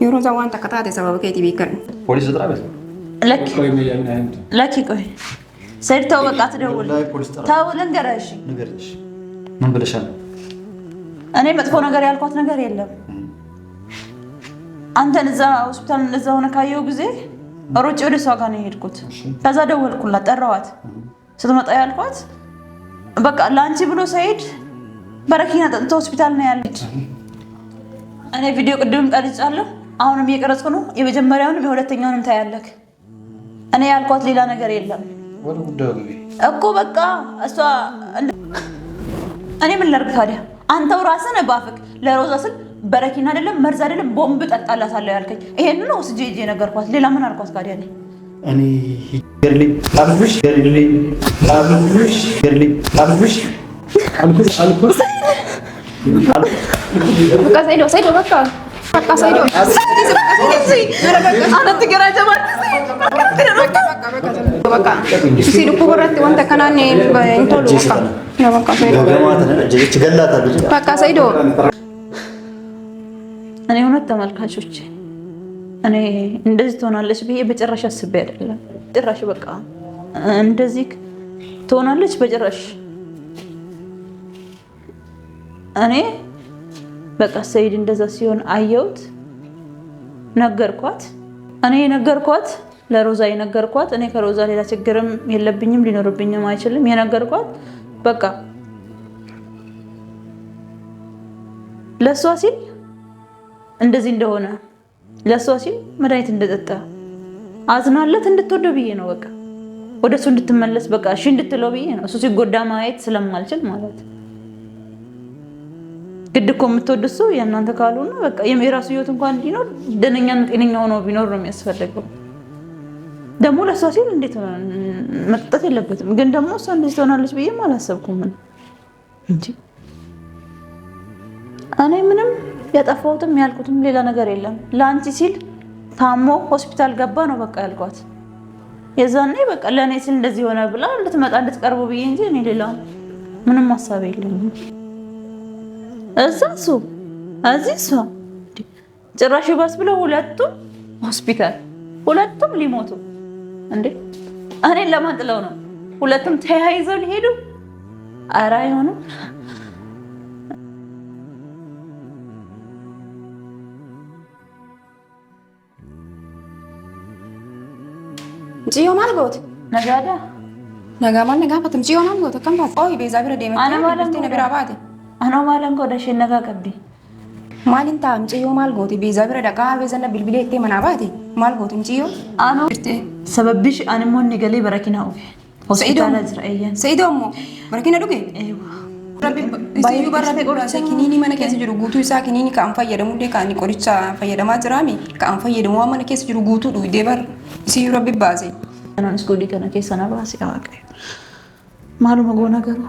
Yeroo isaa waan takka taate sababa keetiif hiikkadhu. Poolisiin xiraabe. Lakki ቆይ ሰይድ ተው፣ በቃ አትደውል። ተው ልንገርህ ምን ብለሻል? እኔ መጥፎ ነገር ያልኳት ነገር የለም። አንተን እዛ ሆስፒታል እንደዛ ሆነ ካየው ጊዜ ሮጬ ወደ እሷ ጋር ነው የሄድኩት። ከዛ ደወልኩላት፣ ጠራዋት። ስትመጣ ያልኳት በቃ ለአንቺ ብሎ ሰይድ በረኪና ጠጥቶ ሆስፒታል ነው ያለች። እኔ ቪዲዮ ቅድምም ቀርጫለሁ፣ አሁንም እየቀረጽኩ ነው። የመጀመሪያውንም የሁለተኛውንም ታያለክ። እኔ ያልኳት ሌላ ነገር የለም እኮ በቃ እሷ። እኔ ምን ላድርግ ታዲያ? አንተው ራስን ባፍቅ ለሮዛ ስል በረኪና አይደለም መርዝ አይደለም ቦምብ ጠጣላታለሁ ያልከኝ ይሄን ነው ስጄ ጄ ነገርኳት። ሌላ ምን አልኳት ታዲያ? እኔ ገርልኝ አልኩሽ በቃ ሰይዶ ሰይዶ እኔ እውነት ተመልካቾች እኔ እንደዚህ ትሆናለች ብዬ በጭራሽ አስቤ አይደለም። ጭራሽ በቃ እንደዚህ ትሆናለች በጭራሽ እኔ በቃ ሰይድ እንደዛ ሲሆን አየሁት፣ ነገርኳት። እኔ የነገርኳት ለሮዛ የነገርኳት እኔ ከሮዛ ሌላ ችግርም የለብኝም ሊኖርብኝም አይችልም። የነገርኳት በቃ ለእሷ ሲል እንደዚህ እንደሆነ ለእሷ ሲል መድኃኒት እንደጠጣ አዝናለት እንድትወደው ብዬ ነው። በቃ ወደ እሱ እንድትመለስ በቃ እሺ እንድትለው ብዬ ነው። እሱ ሲጎዳ ማየት ስለማልችል ማለት ግድ እኮ የምትወድ እሱ የእናንተ ካልሆነ በቃ የራሱ ህይወት እንኳን እንዲኖር ደነኛና ጤነኛ ሆኖ ቢኖር ነው የሚያስፈልገው። ደግሞ ለእሷ ሲል እንዴት መጠጣት የለበትም። ግን ደግሞ እሷ እንደዚህ ትሆናለች ብዬም አላሰብኩም እንጂ እኔ ምንም ያጠፋሁትም ያልኩትም ሌላ ነገር የለም። ለአንቺ ሲል ታሞ ሆስፒታል ገባ ነው በቃ ያልኳት። የዛኔ በቃ ለእኔ ሲል እንደዚህ ሆነ ብላ እንድትመጣ እንድትቀርቡ ብዬ እንጂ እኔ ሌላ ምንም ሀሳብ የለኝም። እዛ እሱ እዚህ እሷ ጭራሽ ባስ ብለው ሁለቱም ሆስፒታል ሁለቱም ሊሞቱ እንዴ! እኔን ለማን ጥለው ነው? ሁለቱም ተያይዘው ሊሄዱ? ኧረ አይሆንም። ጽዮን አልገውት ነጋዳ ነጋማ ነጋፋትም ጽዮን አልገውት ከምባት ኦይ ቤዛ ቢረዴ መጣ አነ ማለት ነው ቢራባቴ anoo maalan godha ishee nagaa qabdi. Maaliin taa'am ciyyoo maal gooti biizaa bira dhaqaa beezanna bilbilee itti manaa baate maal gootin ciyyoo. Anoo jirte sababbi an immoo inni galee barakina dhufe. Hospitaala jira eeyyaan. Sa'idoo immoo barakina dhufe. Baay'ee barraa'e qoraasa kiniini mana keessa jiru guutuu isaa kiniini ka'an fayyadamu dee ka'anii qoricha fayyadamaa jiraame ka'an fayyadamu waan mana keessa jiru guutuu dhuydee bar isiyyuu rabbi baase. Anaanis godii kana keessa na baase Waaqayyo. Maaluma goona garuu.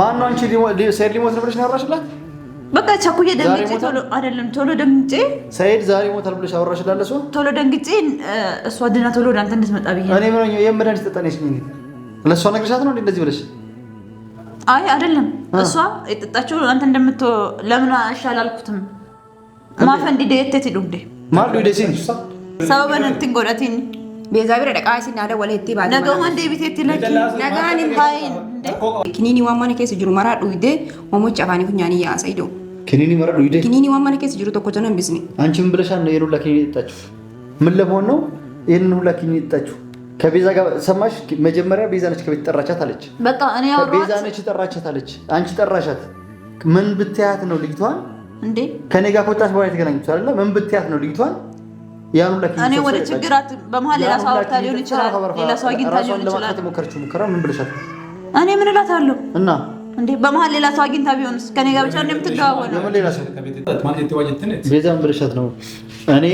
ማነው አንቺ ሰይድ ሊሞት ነው ብለሽ ነው ያወራሽላት? በቃ ቸኩዬ ደንግጬ ቶሎ አይደለም ቶሎ ደንግጬ ሰይድ ዛሬ ሞታል ብለሽ አወራሽላት? እሱ ቶሎ ደንግጬ እሷ ድና ቶሎ ወደ አንተ እንድትመጣ ብዬሽ እኔ ምን ሆኜ የመድኃኒት ጠጣን ያልሽኝ ለእሷ ነግረሻት ነው እንደዚህ ብለሽ? አይ አይደለም እሷ የጠጣችው አንተ እንደምት ለምን አሻል አልኩትም ማፈ እንዲደየቴት እንዴ ማሉ ደሴ ሰበበን እንትን ጎዳቴኝ ቤዛቢር dhaqaa isin haada wala itti baate nagaan deebiteetti lachi nagaan hin baayin kiniini waan mana keessa jiru maraa dhuyde homochi afaanii funyaanii yaasa idoo kiniini mara dhuyde kiniini waan mana keessa jiru tokko ቶሎ እንብስኒ አንቺም ብለሻል ነው ይሄን ሁላ ኪኒን ይጣችሁ ምን ለመሆን ነው ይሄን ሁላ ኪኒን ይጣችሁ ከቤዛ ጋር ሰማሽ መጀመሪያ ቤዛ ነች ከቤት ጠራቻት አለች በቃ እኔ ያወራሁት ቤዛ ነች ጠራቻት አለች አንቺ ጠራሻት ምን ብትያት ነው ልጅቷን እንዴ ከኔ ጋር ከወጣች በኋላ የተገናኙት አይደለ ምን ብትያት ነው ልጅቷን ያን እኔ ሌላ ምን እላታለሁ እና እንዴ በመሀል ሌላ ሰው አግኝታ ቢሆንስ ከኔ ጋር ብቻ ቤዛ ምን ብለሻት ነው? እኔ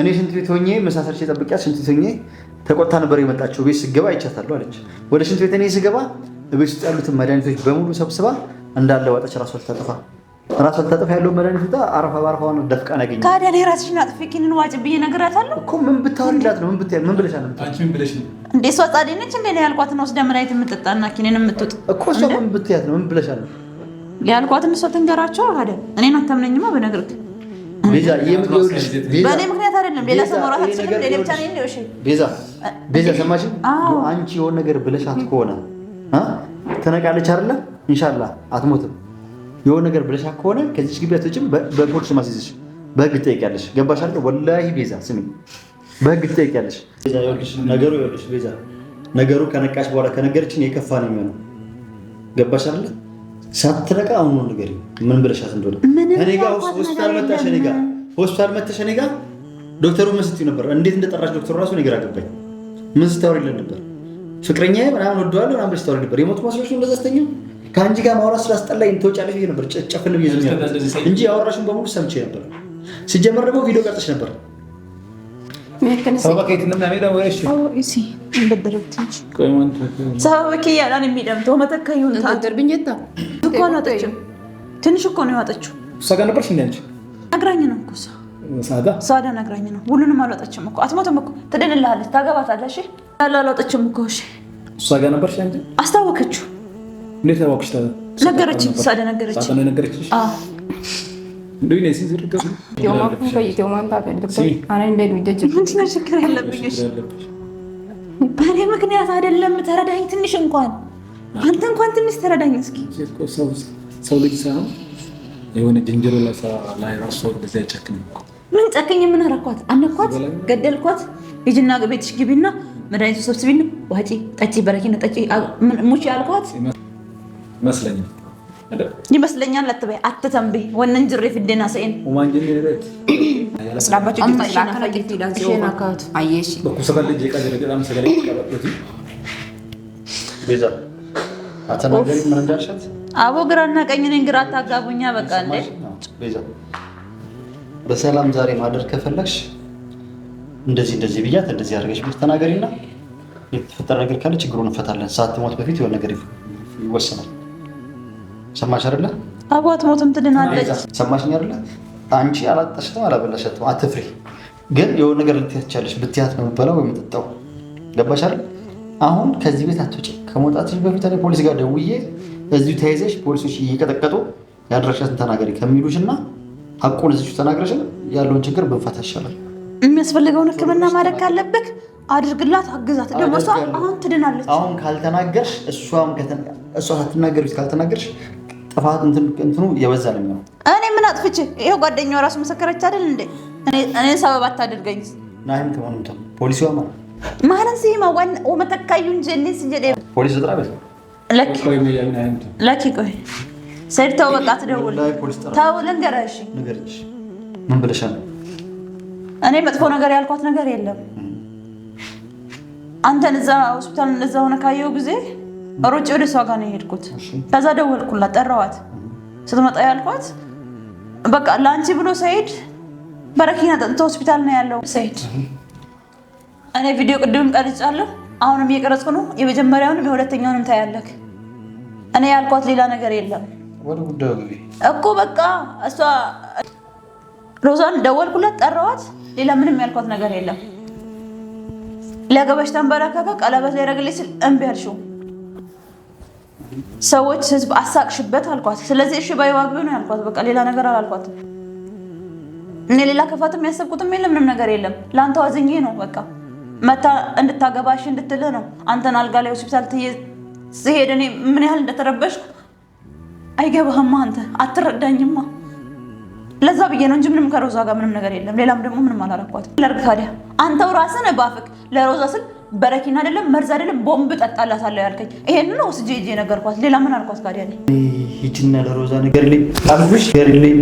እኔ ሽንት ቤት ሆኜ መሳሰርቼ ጠብቂያት፣ ሽንት ቤት ሆኜ ተቆጣ ነበር የመጣችው። ቤት ስገባ አይቻታለሁ አለች። ወደ ሽንት ቤት እኔ ስገባ ቤት ውስጥ ያሉትን መድኃኒቶች በሙሉ ሰብስባ እንዳለ ዋጠች፣ ራሷ ልታጠፋ ራሷ ልታጠፋ ያለውን መድኃኒት አረፋ በአረፋ ሆነ ደፍቃ ናገኘ ታዲያ እኔ ራስሽን አጥፊ ኪንን ዋጭ ብዬ እነግራታለሁ እኮ ምን ብታወሪላት ነው? ምን ምን ብለሽ አለም ነው? ምን ብለሽ ነው እንዴ? እሷ ጻዴ ነች እንዴ? ያልኳት ነው ወስዳ መድኃኒት የምጠጣና ኪንን የምትውጥ እኮ እሷ ምን ብትያት ነው? ምን ብለሻ ነው ያልኳትን? እሷ ትንገራቸው ታዲያ። እኔን አታምነኝማ በነገርክ ቤዛ በእኔ ምክንያት አይደለም። ሌላ ሰው መራሃት ስልም ሌላ ብቻ ነው ያለው። እሺ ቤዛ ቤዛ ሰማሽ? አንቺ የሆነ ነገር ብለሻት ከሆነ ተነቃለች አይደለ? ኢንሻአላህ አትሞትም የሆነ ነገር ብለሻ ከሆነ ከዚች ግቢ አትወጪም፣ በፖሊስ ማስይዝሽ፣ በህግ ትጠይቂያለሽ። ገባሽ አይደል? ወላሂ ቤዛ ስሚ፣ በህግ ትጠይቂያለሽ። ነገሩ ይኸውልሽ ቤዛ፣ ነገሩ ከነቃሽ በኋላ ከነገረችን የከፋ ነው የሚሆነው። ገባሽ አይደል? ሳትረቃ አሁኑ ነገር ምን ብለሻት እንደሆነ እኔ ጋ ሆስፒታል መታሽ፣ እኔ ጋ ሆስፒታል መታሽ፣ እኔ ጋ ዶክተሩ ምን ስትይው ነበር? እንዴት እንደጠራሽ ዶክተሩ ራሱ ነገር አገባኝ። ምን ስታወሪልን ነበር? ፍቅረኛ ምናምን ወደዋለሁ ምናምን ብለሽ ስታወሪ ነበር። የሞት ማስሎች ነው እንደዛ ስተኛው ከአንቺ ጋር ማውራት ስላስጠላኝ ትወጫለሽ ብዬሽ ነበር። ጨፍን ብዬሽ እንጂ ያወራሽን በሙሉ ሰምቼ ነበር። ሲጀመር ደግሞ ቪዲዮ ቀርጸሽ ነበር። ትንሽ እኮ ነው የዋጠችው። እሷ ጋር ነበርሽ እንደ ነግራኝ ነው እኮ ሳዳ ነግራኝ ነው። ሁሉንም አልዋጠችም እኮ አትሞትም እኮ ትድንልሃለች፣ ታገባታለሽ። አልዋጠችም እኮ እሷ ጋር ነበርሽ አንቺ እንዴት ታወቅሽ? ነገረችኝ። ሳደ ነገረችኝ። ችግር በእኔ ምክንያት አይደለም። ተረዳኝ ትንሽ እንኳን አንተ እንኳን ትንሽ ተረዳኝ። እስኪ ሰው ልጅ ሳይሆን የሆነ ዝንጀሮ ላይ ራሱ አይጨክንም። ምን ጨክኝ? ምን አረኳት? አነኳት? ገደልኳት? ቤትሽ ግቢና መድኃኒቱ ሰብስቢና ዋጪ፣ ጠጪ፣ በረኪና ጠጪ ሙች ያልኳት ይመስለኛል ይመስለኛል አትበይ፣ አትተንብ ወነን ጅሬ ፍደና ሰኤን አቦ ግራና ቀኝን ግራ አታጋቡኛ። በቃ በሰላም ዛሬ ማደር ከፈለግሽ እንደዚህ እንደዚህ ብያት እንደዚህ አድርገሽ ብትተናገሪና የተፈጠረ ነገር ካለ ችግሩን እንፈታለን። ሳትሞት በፊት የሆነ ነገር ይወሰናል። ሰማሽ አይደለ? አባት ሞትም ትድናለች። ሰማሽኝ አይደለ? አንቺ አላጠሽተው አላበላሸተው አትፍሪ። ግን የሆነ ነገር ልትያቻለች። ብትያት ነው የምትበላው ወይ የምትጠጣው። ገባሽ አይደል? አሁን ከዚህ ቤት አትወጪ። ከመውጣትሽ በፊት እኔ ፖሊስ ጋር ደውዬ እዚሁ ተይዘሽ ፖሊሶች እየቀጠቀጡ ያድራሻሽን ተናገሪ ከሚሉሽ እና አቁን እዚሁ ተናግረሽ ያለውን ችግር ብንፈታ ይሻላል። የሚያስፈልገውን ሕክምና ማድረግ ካለብህ አድርግላት፣ አግዛት። ደግሞ እሷ አሁን ትድናለች። አሁን ካልተናገርሽ እሷ ሳትናገር ካልተናገርሽ ጥፋት እንትኑ የበዛ ነው እኔ ምን አጥፍቼ? ይሄው ጓደኛው ራሱ መሰከረች አይደል እንዴ? እኔ ሰበብ አታደርገኝ። ናይም ከሆነ ምታ ማ ማለት ሲ ሲማ ዋን ወመተካዩ እንጂ እኔ ስንጀደ ፖሊስ ጥራ በስ ለኪ ቆይ ለኪ ቆይ ሰይድ ተው፣ በቃ ትደውል ተው፣ ልንገርሽ ንገርሽ። ምን ብለሻል? እኔ መጥፎ ነገር ያልኳት ነገር የለም። አንተን እዛ ሆስፒታል እንደዛ ሆነ ካየው ጊዜ ሮጬ ወደ እሷ ጋር ነው የሄድኩት። ከዛ ደወልኩላት፣ ጠራዋት። ስትመጣ ያልኳት በቃ ለአንቺ ብሎ ሰይድ በረኪና ጠጥቶ ሆስፒታል ነው ያለው። ሰይድ እኔ ቪዲዮ ቅድምም ቀርጫለሁ፣ አሁንም እየቀረጽኩ ነው። የመጀመሪያውንም የሁለተኛውንም ታያለክ። እኔ ያልኳት ሌላ ነገር የለም እኮ በቃ እሷ ሮዛን ደወልኩላት፣ ጠራዋት። ሌላ ምንም ያልኳት ነገር የለም። ለገበሽ ተንበረከከ ቀለበት ሊያደርግልኝ ስል እምቢ አልሽው። ሰዎች ህዝብ አሳቅሽበት አልኳት። ስለዚህ እሺ ባይ ነው ያልኳት። በቃ ሌላ ነገር አላልኳት። እኔ ሌላ ክፋትም ያሰብኩትም የለም ምንም ነገር የለም። ለአንተ ዋዝኜ ነው በቃ መታ እንድታገባሽ እንድትልህ ነው። አንተን አልጋ ላይ ሆስፒታል ስሄድ እኔ ምን ያህል እንደተረበሽኩ አይገባህማ። አንተ አትረዳኝማ። ለዛ ብዬ ነው እንጂ ምንም ከሮዛ ጋር ምንም ነገር የለም። ሌላም ደግሞ ምንም አላረኳትም። ለርግ ታዲያ አንተው ራስን ባፍቅ ለሮዛ ስል በረኪና አይደለም መርዝ አይደለም ቦምብ ጠጣላታለሁ ያልከኝ ይሄን ነው ስጄ ሂጄ ነገርኳት። ሌላ ምን አልኳት ታዲያ? ሂጂና ለሮዛ ነገር ልኝ አልኩሽ ገርልኝ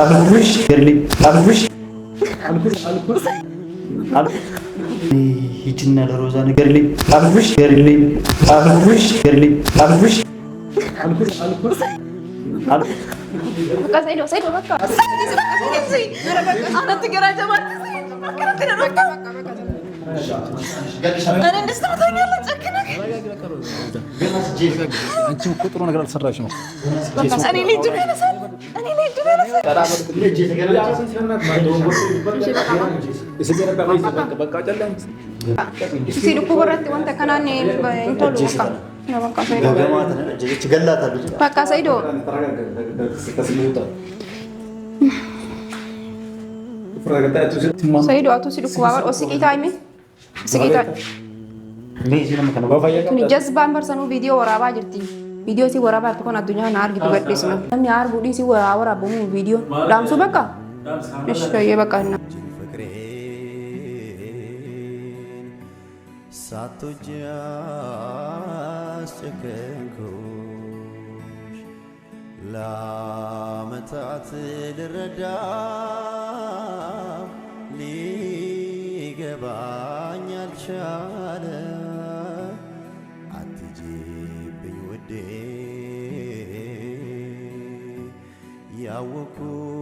አልኩሽ ገርልኝ አልኩሽ ሂጂና ለሮዛ ነገር ልኝ አልኩሽ ገርልኝ አልኩሽ ገርልኝ አልኩሽ አልኩሽ አልኩሽ አልኩሽ አንቺም እኮ ጥሩ ነገር አልሰራሽም። ሰይዶ አቶ ሲልኩ ባበር ኦሲቂታይሜ Jazbaan barsanuu viidiyoo waraabaa jirti. Viidiyoo si waraabaa tokkoon addunyaa kana argitu gadhiisna. Namni arguudhi si waraabamu viidiyoo dhaamsuu bakka? Ishi kaayyee bakka hinna. ለዓመታት ልረዳ ሊገባኝ አልቻለ። አትጅብኝ ውዴ ያወኩ